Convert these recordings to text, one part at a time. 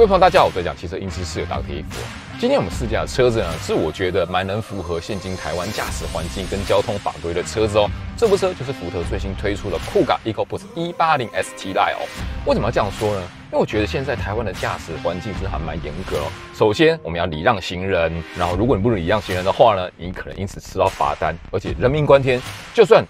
各位朋友，大家好，我是讲汽车音质是有大铁衣今天我们试驾的车子呢，是我觉得蛮能符合现今台湾驾驶环境跟交通法规的车子哦。这部车就是福特最新推出的酷卡 EcoBoost 一八零 ST Line。哦，为什么要这样说呢？因为我觉得现在台湾的驾驶环境是还蛮严格哦。首先，我们要礼让行人，然后如果你不礼让行人的话呢，你可能因此吃到罚单，而且人命关天，就算。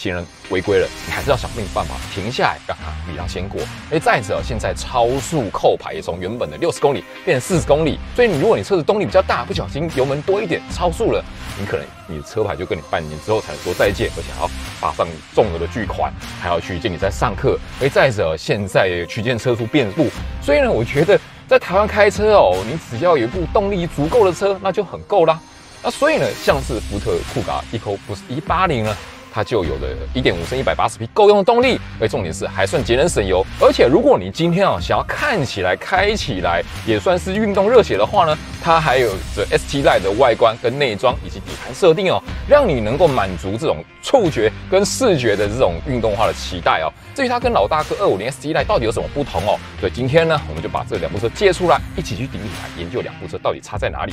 行人违规了，你还是要想尽办法停下来，让他礼让先过。哎，再者，现在超速扣牌也从原本的六十公里变成四十公里，所以你如果你车子动力比较大，不小心油门多一点超速了，你可能你的车牌就跟你半年之后才能说再见，而且还要罚上重额的巨款，还要去见你在上课。哎，再者，现在曲线车速变速，所以呢，我觉得在台湾开车哦，你只要有一部动力足够的车，那就很够啦。那所以呢，像是福特酷卡一 o 不是一八零呢。它就有了一点五升一百八十匹够用的动力，而重点是还算节能省油。而且如果你今天啊想要看起来开起来也算是运动热血的话呢，它还有着 ST Line 的外观跟内装以及底盘设定哦，让你能够满足这种触觉跟视觉的这种运动化的期待哦。至于它跟老大哥二五零 ST Line 到底有什么不同哦，所以今天呢，我们就把这两部车借出来，一起去顶底盘，研究两部车到底差在哪里。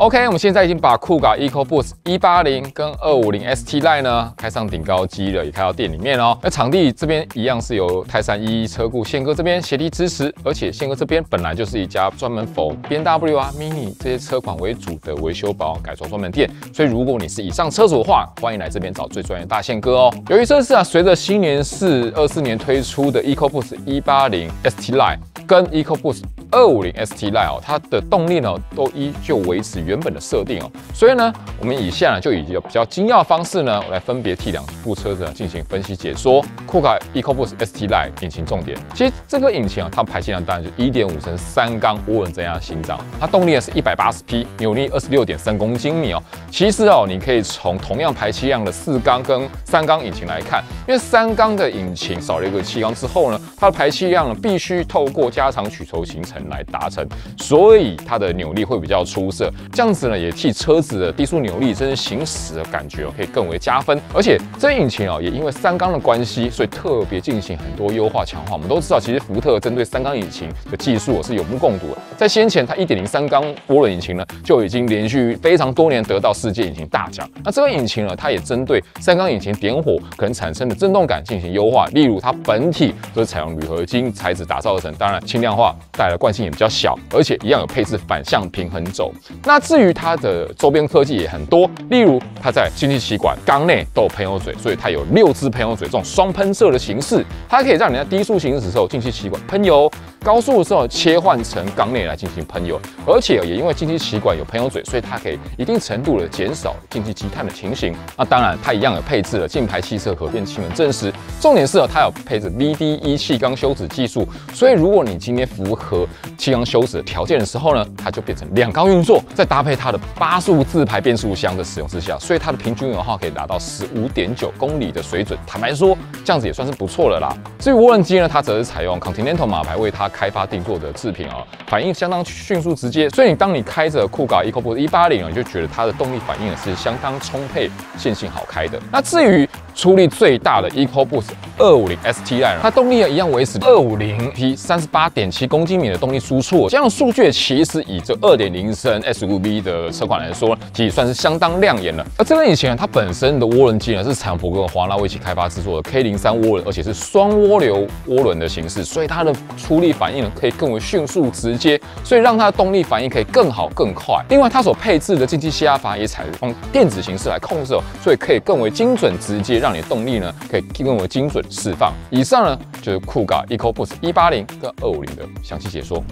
OK，我们现在已经把酷改 Eco Boost 一八零跟二五零 ST Line 呢开上顶高机了，也开到店里面哦。那场地这边一样是由泰山一一车库宪哥这边协力支持，而且宪哥这边本来就是一家专门否 BMW 啊 Mini 这些车款为主的维修保养改装专门店，所以如果你是以上车主的话，欢迎来这边找最专业大宪哥哦。由于这次啊，随着新年四二四年推出的 Eco Boost 一八零 ST Line 跟 Eco Boost。二五零 ST Line 哦，它的动力呢都依旧维持原本的设定哦，所以呢，我们以下呢就一个比较精要的方式呢，来分别替两部车子进行分析解说。酷卡 EcoBoost ST Line 引擎重点，其实这个引擎啊，它排气量当然就一点五升三缸涡轮增压心脏，它动力呢是一百八十匹，扭力二十六点三公斤米哦。其实哦，你可以从同样排气量的四缸跟三缸引擎来看，因为三缸的引擎少了一个气缸之后呢，它的排气量呢必须透过加长曲轴形成。来达成，所以它的扭力会比较出色，这样子呢也替车子的低速扭力，甚至行驶的感觉可以更为加分。而且这引擎哦，也因为三缸的关系，所以特别进行很多优化强化。我们都知道，其实福特针对三缸引擎的技术是有目共睹的。在先前，它一点零三缸涡轮引擎呢，就已经连续非常多年得到世界引擎大奖。那这个引擎呢，它也针对三缸引擎点火可能产生的震动感进行优化，例如它本体都是采用铝合金材质打造而成，当然轻量化带来惯。性也比较小，而且一样有配置反向平衡轴。那至于它的周边科技也很多，例如它在进气歧管缸内都有喷油嘴，所以它有六支喷油嘴这种双喷射的形式，它可以让你在低速行驶时候进气歧管喷油。高速的时候切换成缸内来进行喷油，而且也因为进气歧管有喷油嘴，所以它可以一定程度的减少进气积碳的情形。那当然，它一样有配置了进排气侧可变气门，正时，重点是呢，它有配置 v d e 气缸休止技术，所以如果你今天符合气缸休止条件的时候呢，它就变成两缸运作，再搭配它的八速自排变速箱的使用之下，所以它的平均油耗可以达到十五点九公里的水准。坦白说，这样子也算是不错的啦。至于涡轮机呢，它则是采用 Continental 马牌为它。开发定做的制品啊，反应相当迅速直接，所以你当你开着酷狗 Eco Boost 一八零啊，你就觉得它的动力反应是相当充沛、线性好开的。那至于，出力最大的 EcoBoost 250 STI，它动力也一样维持2 5 0 p 十38.7公斤米的动力输出，这样数据其实以这2.0升 SUV 的车款来说，其实算是相当亮眼了。而这个引擎它本身的涡轮机呢，是采博格和华纳一起开发制作的 K03 涡轮，而且是双涡流涡轮的形式，所以它的出力反应呢可以更为迅速直接，所以让它的动力反应可以更好更快。另外，它所配置的进气歧压阀也采用电子形式来控制，所以可以更为精准直接让。你的动力呢，可以更为精准释放。以上呢，就是酷嘎 Eco Boost 一八零跟二五零的详细解说。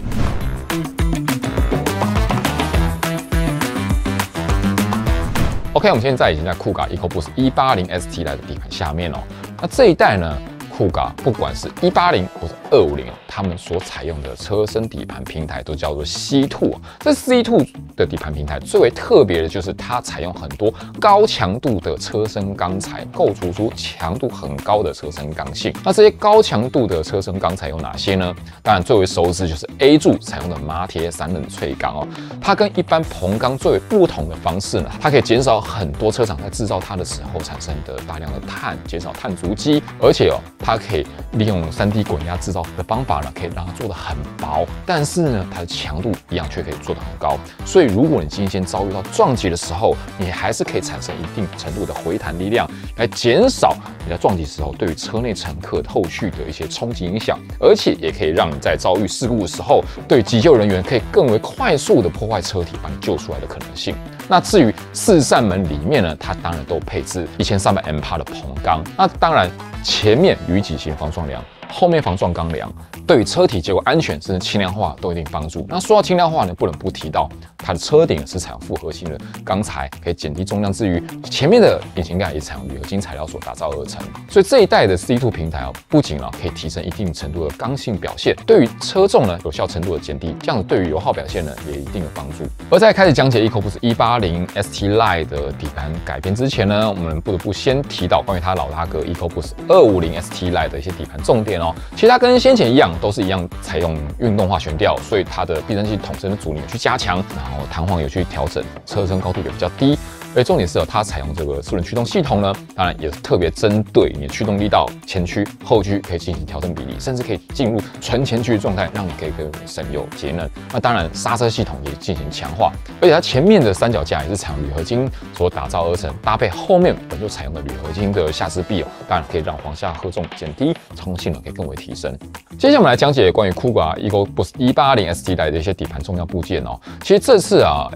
OK，我们现在已经在酷嘎 Eco Boost 一八零 ST 的底盘下面哦。那这一代呢？酷咖，不管是一八零或者二五零他它们所采用的车身底盘平台都叫做 C Two 啊。这 C Two 的底盘平台最为特别的就是它采用很多高强度的车身钢材，构筑出强度很高的车身刚性。那这些高强度的车身钢材有哪些呢？当然最为熟知就是 A 柱采用的马铁散冷淬钢哦。它跟一般硼钢最为不同的方式呢，它可以减少很多车厂在制造它的时候产生的大量的碳，减少碳足迹，而且哦。它可以利用三 D 滚压制造的方法呢，可以让它做得很薄，但是呢，它的强度一样却可以做得很高。所以，如果你今天遭遇到撞击的时候，你还是可以产生一定程度的回弹力量，来减少你在撞击时候对于车内乘客后续的一些冲击影响，而且也可以让你在遭遇事故的时候，对急救人员可以更为快速的破坏车体，把你救出来的可能性。那至于四扇门里面呢，它当然都配置一千三百 m 帕的铜钢。那当然，前面鱼脊型防撞梁，后面防撞钢梁。对于车体结构安全甚至轻量化都有一定帮助。那说到轻量化呢，不能不提到它的车顶是采用复合型的钢材，可以减低重量之余，前面的引擎盖也采用铝合金材料所打造而成。所以这一代的 C2 平台哦，不仅哦可以提升一定程度的刚性表现，对于车重呢有效程度的减低，这样子对于油耗表现呢也一定有帮助。而在开始讲解 EcoBoost 180 ST Line 的底盘改编之前呢，我们不得不先提到关于它老大哥 EcoBoost 250 ST Line 的一些底盘重点哦。其实它跟先前一样。都是一样采用运动化悬吊，所以它的避震器桶身阻尼去加强，然后弹簧有去调整，车身高度也比较低。而重点是哦，它采用这个四轮驱动系统呢，当然也是特别针对你的驱动力到前驱、后驱可以进行调整比例，甚至可以进入纯前驱状态，让你可以更省油节能。那当然，刹车系统也进行强化，而且它前面的三脚架也是采用铝合金所打造而成，搭配后面本就采用的铝合金的下支臂哦，当然可以让黄下荷重减低，操控性能可以更为提升。接下来我们来讲解关于酷狗一勾不一八零 ST 带的一些底盘重要部件哦。其实这次啊。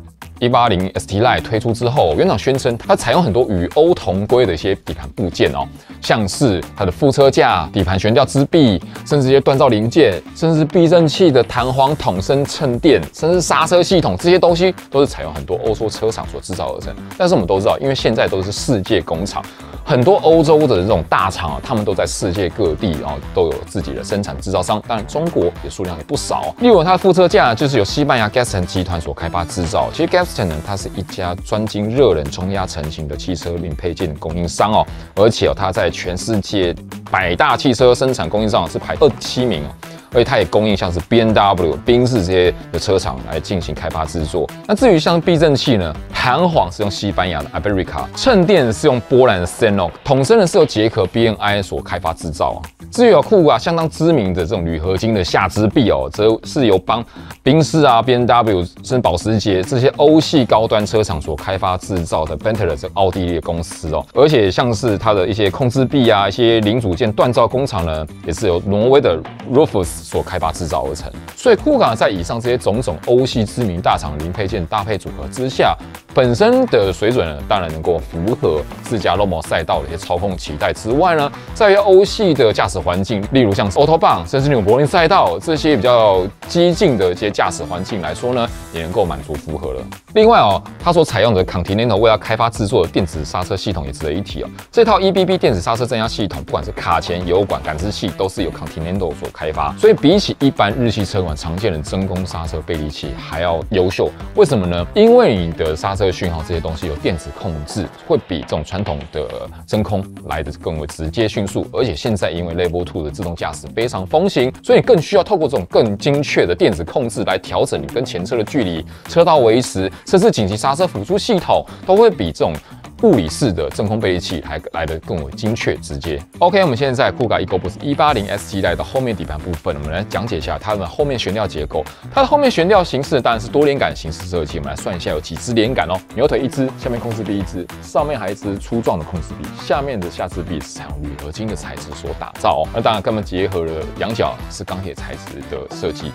一八零 ST Line 推出之后，原厂宣称它采用很多与欧同规的一些底盘部件哦，像是它的副车架、底盘悬吊支臂，甚至一些锻造零件，甚至避震器的弹簧筒身衬垫，甚至刹车系统，这些东西都是采用很多欧洲车厂所制造而成。但是我们都知道，因为现在都是世界工厂。很多欧洲的这种大厂啊，他们都在世界各地，啊都有自己的生产制造商。当然，中国也数量也不少。例如，它的副车架就是由西班牙 Gaston 集团所开发制造。其实 Gaston 呢，它是一家专精热冷冲压成型的汽车零配件供应商哦。而且哦，它在全世界百大汽车生产供应商是排二七名。而且它也供应像是 B N W、宾士这些的车厂来进行开发制作。那至于像避震器呢，弹簧是用西班牙的 Aberica，衬垫是用波兰的 s e n o k 筒身呢是由捷克 B N I 所开发制造啊。至于啊，库啊，相当知名的这种铝合金的下支臂哦，则是由帮宾士啊、B N W 甚至保时捷这些欧系高端车厂所开发制造的 b e n t e l e 这奥地利的公司哦。而且像是它的一些控制臂啊、一些零组件锻造工厂呢，也是由挪威的 Rufus。所开发制造而成，所以酷卡在以上这些种种欧系知名大厂零配件搭配组合之下。本身的水准呢，当然能够符合自家 l o m o 赛道的一些操控期待。之外呢，在于欧系的驾驶环境，例如像 Autobahn，甚至纽柏林赛道这些比较激进的一些驾驶环境来说呢，也能够满足符合了。另外哦，它所采用的 Continental 为它开发制作的电子刹车系统也值得一提哦。这套 EBB 电子刹车增压系统，不管是卡钳、油管、感知器，都是由 Continental 所开发，所以比起一般日系车款常见的真空刹车背离器还要优秀。为什么呢？因为你的刹车。车讯号这些东西有电子控制，会比这种传统的真空来的更为直接迅速。而且现在因为 Level Two 的自动驾驶非常风行，所以更需要透过这种更精确的电子控制来调整你跟前车的距离、车道维持，甚至紧急刹车辅助系统，都会比这种。物理式的真空背离器还来的更为精确直接。OK，我们现在在酷改 Ego b o s t 一八零 S 系列的后面底盘部分，我们来讲解一下它的后面悬吊结构。它的后面悬吊形式当然是多连杆形式设计。我们来算一下有几支连杆哦，牛腿一支，下面控制臂一支，上面还一支粗壮的控制臂，下面的下支臂是采用铝合金的材质所打造哦。那当然，它们结合了羊角是钢铁材质的设计。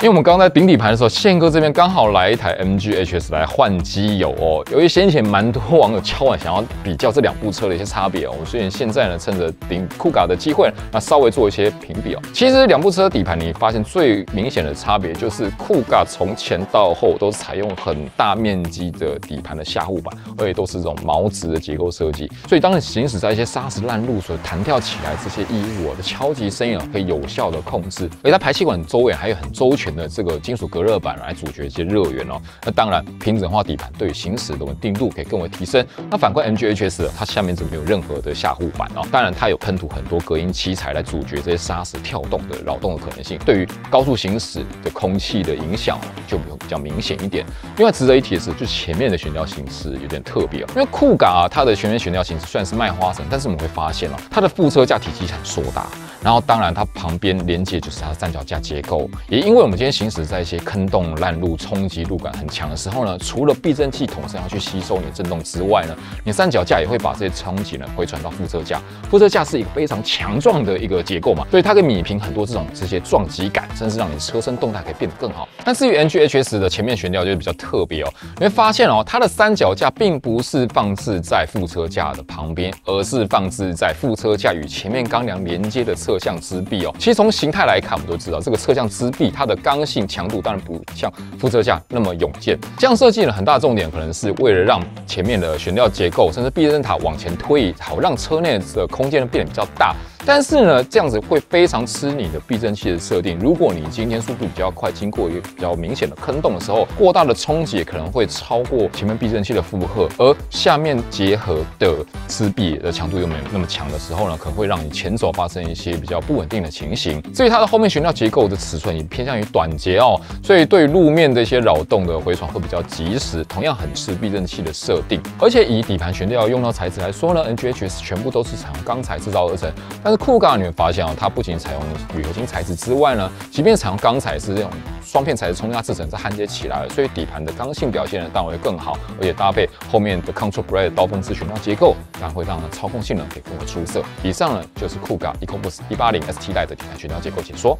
因为我们刚在顶底盘的时候，宪哥这边刚好来一台 MG HS 来换机油哦。由于先前蛮多网友敲碗想要比较这两部车的一些差别哦，我们所以现在呢，趁着顶酷嘎的机会，那稍微做一些评比哦。其实两部车底盘，你发现最明显的差别就是酷嘎从前到后都是采用很大面积的底盘的下护板，而且都是这种毛质的结构设计。所以当你行驶在一些砂石烂路所弹跳起来这些异物的敲击声音啊，可以有效的控制。而在排气管周围还有很周全。的这个金属隔热板来阻绝一些热源哦。那当然，平整化底盘对于行驶的稳定度可以更为提升。那反观 MGHS 它下面是没有任何的下护板哦。当然，它有喷涂很多隔音漆材来阻绝这些砂石跳动的扰动的可能性，对于高速行驶的空气的影响就比较明显一点。另外值得一提的是，就前面的悬吊形式有点特别哦。因为酷啊、它的前面悬吊形式虽然是麦花臣，但是我们会发现哦，它的副车架体积很硕大。然后，当然它旁边连接就是它的三角架结构，也因为我们。今天行驶在一些坑洞烂路，冲击路感很强的时候呢，除了避震器同身要去吸收你的震动之外呢，你三脚架也会把这些冲击呢回传到副车架。副车架是一个非常强壮的一个结构嘛，所以它可以米平很多这种这些撞击感，甚至让你车身动态可以变得更好。但至于 NGHS 的前面悬吊就是比较特别哦，你会发现哦，它的三脚架并不是放置在副车架的旁边，而是放置在副车架与前面钢梁连接的侧向支臂哦。其实从形态来看，我们都知道这个侧向支臂它的。刚性强度当然不像副车架那么勇健，这样设计呢，很大重点可能是为了让前面的悬吊结构甚至避震塔往前推移，好让车内的空间呢变得比较大。但是呢，这样子会非常吃你的避震器的设定。如果你今天速度比较快，经过一个比较明显的坑洞的时候，过大的冲击可能会超过前面避震器的负荷，而下面结合的支臂的强度又没有那么强的时候呢，可能会让你前轴发生一些比较不稳定的情形。至于它的后面悬吊结构的尺寸也偏向于短节哦，所以对路面的一些扰动的回传会比较及时，同样很吃避震器的设定。而且以底盘悬吊用到材质来说呢，NGHS 全部都是采用钢材制造而成，但是。酷咖，你会发现哦，它不仅采用铝合金材质之外呢，即便采用钢材是这种双片材质冲压制成是焊接起来的，所以底盘的刚性表现呢当然会更好，而且搭配后面的 Control b r a k e 刀锋式悬吊结构，当然会让呢操控性能可以更为出色。以上呢就是酷咖 EcoBoost 一八零 S T 代的底盘悬吊结构解说。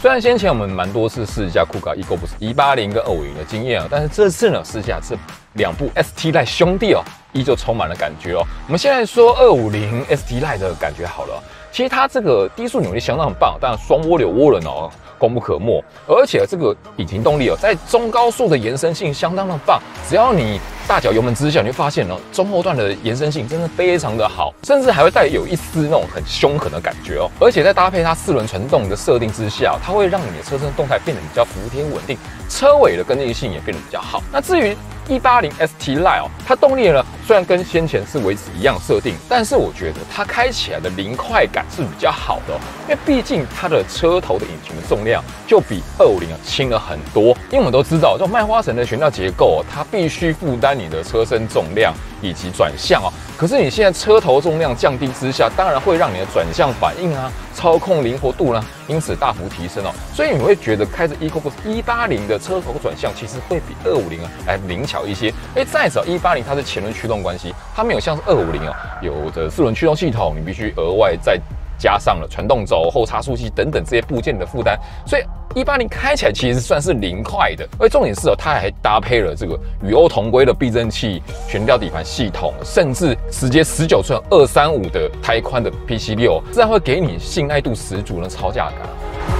虽然先前我们蛮多次试驾酷咖 EcoBoost 一八零跟二五零的经验啊，但是这次呢试驾这两部 S T 代兄弟哦。依旧充满了感觉哦。我们现在说二五零 ST Line 的感觉好了，其实它这个低速扭力相当很棒，但双涡流涡轮哦功不可没，而且这个引擎动力哦在中高速的延伸性相当的棒，只要你。大脚油门之下，你会发现呢，中后段的延伸性真的非常的好，甚至还会带有一丝那种很凶狠的感觉哦。而且在搭配它四轮传动的设定之下，它会让你的车身动态变得比较服帖稳定，车尾的跟进性也变得比较好。那至于一八零 ST Line 哦，它动力呢虽然跟先前是维持一样设定，但是我觉得它开起来的零快感是比较好的，因为毕竟它的车头的引擎的重量就比二五零啊轻了很多。因为我们都知道，这种麦花臣的悬吊结构，它必须负担。你的车身重量以及转向哦。可是你现在车头重量降低之下，当然会让你的转向反应啊、操控灵活度呢，因此大幅提升哦。所以你会觉得开着 EcoBoost 180的车头转向其实会比250啊来灵巧一些。哎，再者180它是前轮驱动关系，它没有像是250哦，有着四轮驱动系统，你必须额外再加上了传动轴、后差速器等等这些部件的负担，所以一八零开起来其实算是零快的。而重点是哦，它还搭配了这个与欧同规的避震器、悬吊底盘系统，甚至直接十九寸二三五的胎宽的 P C 六，这样会给你信赖度十足的超价感。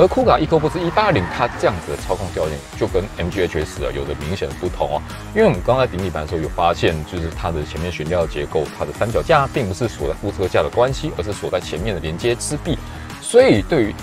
而库卡 EcoPro 180，它这样子的操控调性就跟 MGHS 啊有着明显的不同哦。因为我们刚才顶底板的时候有发现，就是它的前面悬吊结构，它的三脚架并不是锁在副车架的关系，而是锁在前面的连接支臂。所以对于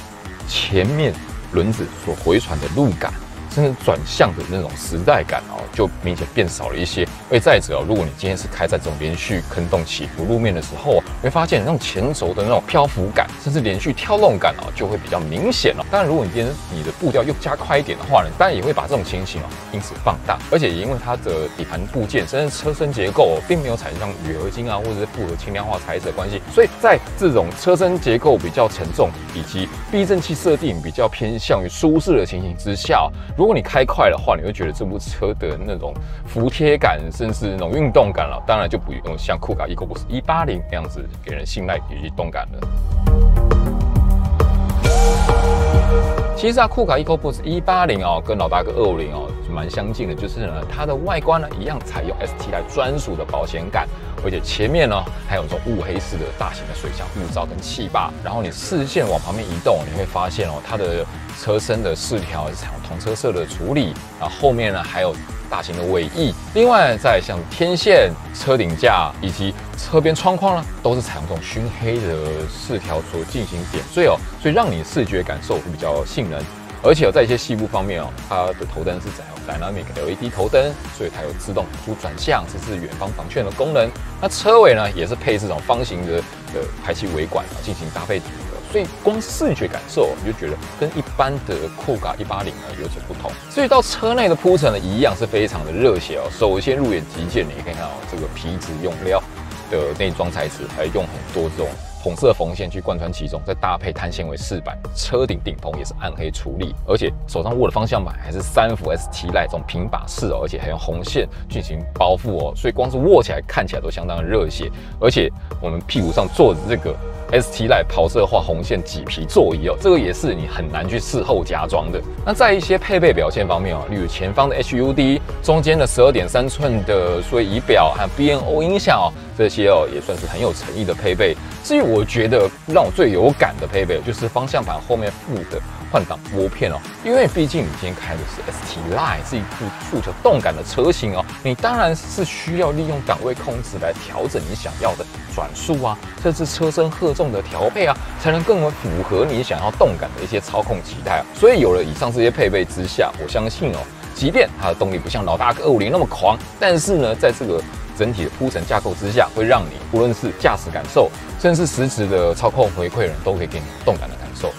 前面轮子所回传的路感。甚至转向的那种时代感哦，就明显变少了一些。再者哦，如果你今天是开在这种连续坑洞起伏路面的时候，会发现那种前轴的那种漂浮感，甚至连续跳动感哦，就会比较明显哦。当然，如果你今天你的步调又加快一点的话呢，当然也会把这种情形哦因此放大。而且因为它的底盘部件甚至车身结构并没有产生像铝合金啊或者是复合轻量化材质的关系，所以在这种车身结构比较沉重以及避震器设定比较偏向于舒适的情形之下，如如果你开快的话，你会觉得这部车的那种服帖感，甚至那种运动感了，当然就不用像酷卡 Eco Boost 一8 0那样子给人信赖以及动感了。其实啊，酷卡 Eco Boost 一8 0哦，跟老大哥250哦。蛮相近的，就是呢，它的外观呢一样采用 S T 来专属的保险杆，而且前面呢还有这种雾黑式的大型的水箱雾罩跟气坝，然后你视线往旁边移动，你会发现哦，它的车身的饰条采用同车色的处理，然后后面呢还有大型的尾翼，另外在像天线、车顶架以及车边窗框呢，都是采用这种熏黑的饰条所进行点缀哦，所以让你视觉感受会比较性能。而且在一些细部方面哦，它的头灯是采用 Dynamic LED 头灯，所以它有自动辅助转向，这是远方防眩的功能。那车尾呢，也是配这种方形的呃排气尾管啊进行搭配组合，所以光视觉感受你就觉得跟一般的 c o a 一八零啊有所不同。至于到车内的铺陈呢，一样是非常的热血哦。首先入眼即见，你可以看到这个皮质用料的内装材质，还用很多这种。红色缝线去贯穿其中，再搭配碳纤维饰板，车顶顶棚也是暗黑处理，而且手上握的方向盘还是三幅 STI 这种平板式哦，而且还用红线进行包覆哦，所以光是握起来看起来都相当的热血。而且我们屁股上坐的这个 STI 跑色画红线麂皮座椅哦，这个也是你很难去事后加装的。那在一些配备表现方面哦，例如前方的 HUD、中间的十二点三寸的所以仪表和 BNO 音响哦，这些哦也算是很有诚意的配备。至于，我觉得让我最有感的配备，就是方向盘后面附的换挡拨片哦。因为毕竟你今天开的是 ST Line，是一部追求动感的车型哦。你当然是需要利用档位控制来调整你想要的转速啊，甚至车身荷重的调配啊，才能更为符合你想要动感的一些操控期待啊。所以有了以上这些配备之下，我相信哦，即便它的动力不像老大哥二五零那么狂，但是呢，在这个整体的铺陈架构之下，会让你无论是驾驶感受。甚至实质的操控回馈，人都可以给你动感的感受。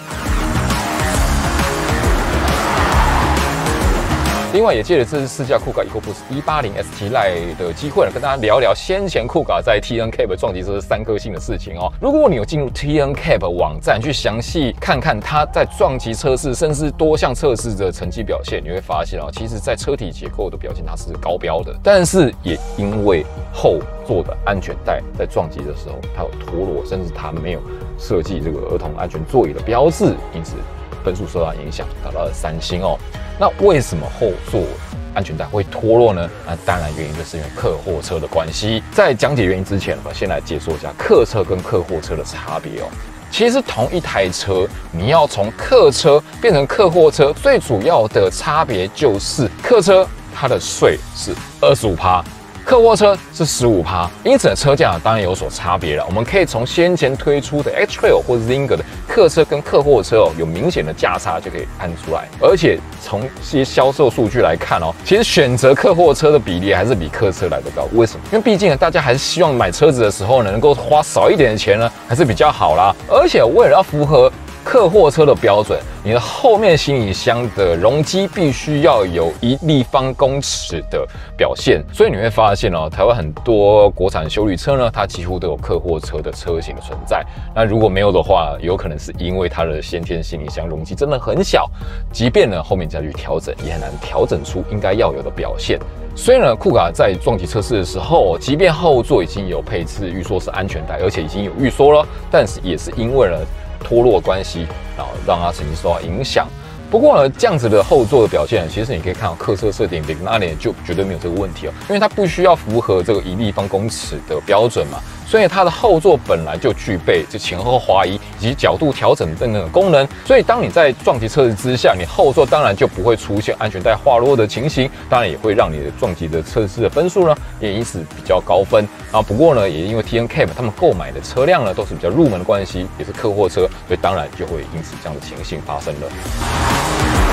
另外也借着这次试驾酷卡 EcoBoost 180 ST Line 的机会，跟大家聊聊先前酷卡在 t n c p 撞击这三颗星的事情哦。如果你有进入 t n c p 网站去详细看看它在撞击测试甚至多项测试的成绩表现，你会发现哦，其实在车体结构的表现它是高标的，但是也因为后座的安全带在撞击的时候它有脱落，甚至它没有设计这个儿童安全座椅的标志，因此分数受到影响，达到了三星哦。那为什么后座安全带会脱落呢？那当然原因就是因为客货车的关系。在讲解原因之前，我先来解说一下客车跟客货车的差别哦。其实同一台车，你要从客车变成客货车，最主要的差别就是客车它的税是二十五趴。客货车是十五趴，因此车价当然有所差别了。我们可以从先前推出的 X Trail 或 Zinger 的客车跟客货车哦有明显的价差就可以看出来。而且从一些销售数据来看哦，其实选择客货车的比例还是比客车来得高。为什么？因为毕竟大家还是希望买车子的时候呢，能够花少一点的钱呢，还是比较好啦。而且为了要符合。客货车的标准，你的后面行李箱的容积必须要有一立方公尺的表现，所以你会发现哦，台湾很多国产修理车呢，它几乎都有客货车的车型的存在。那如果没有的话，有可能是因为它的先天行李箱容积真的很小，即便呢后面再去调整，也很难调整出应该要有的表现。虽然酷卡在撞击测试的时候，即便后座已经有配置预说是安全带，而且已经有预缩了，但是也是因为了。脱落关系然后让它曾经受到影响。不过呢，这样子的后座的表现，其实你可以看到客车设定，那年就绝对没有这个问题哦，因为它不需要符合这个一立方公尺的标准嘛。所以它的后座本来就具备这前后滑移以及角度调整的那的功能，所以当你在撞击测试之下，你后座当然就不会出现安全带滑落的情形，当然也会让你的撞击的测试的分数呢也因此比较高分。啊，不过呢，也因为 T N Cap 他们购买的车辆呢都是比较入门的关系，也是客货车，所以当然就会因此这样的情形发生了。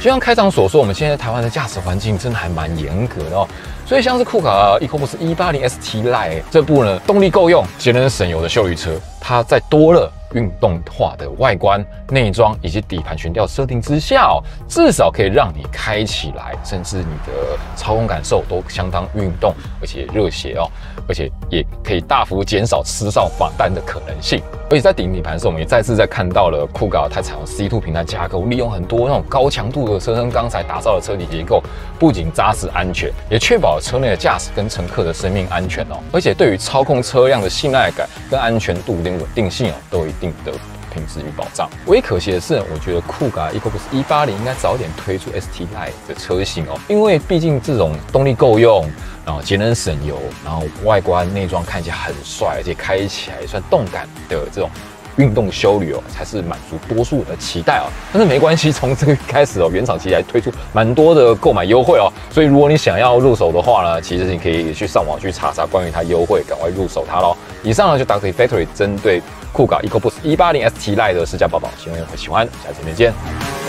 就像开场所说，我们现在台湾的驾驶环境真的还蛮严格的哦，所以像是库卡 EcoBoost 180ST l i n e 这部呢，动力够用，节能省油的秀域车，它在多了。运动化的外观、内装以及底盘悬吊设定之下，哦，至少可以让你开起来，甚至你的操控感受都相当运动，而且热血哦，而且也可以大幅减少吃上罚单的可能性。而且在顶底盘时，我们也再次在看到了酷狗它采用 C2 平台架构，利用很多那种高强度的车身钢材打造的车体结构，不仅扎实安全，也确保了车内的驾驶跟乘客的生命安全哦。而且对于操控车辆的信赖感、跟安全度跟稳定性哦，都已。定的品质与保障。唯一可惜的是，我觉得酷咖 EcoPlus 一八零应该早点推出 STI 的车型哦，因为毕竟这种动力够用，然后节能省油，然后外观内装看起来很帅，而且开起来算动感的这种运动修旅哦，才是满足多数人的期待啊。但是没关系，从这个开始哦，原厂其实还推出蛮多的购买优惠哦，所以如果你想要入手的话呢，其实你可以去上网去查查关于它优惠，赶快入手它喽。以上呢，就 Doctor Factory 针对。酷狗 EcoBoost 一八零 ST Line 的试驾宝宝，希望你会喜欢，下期见。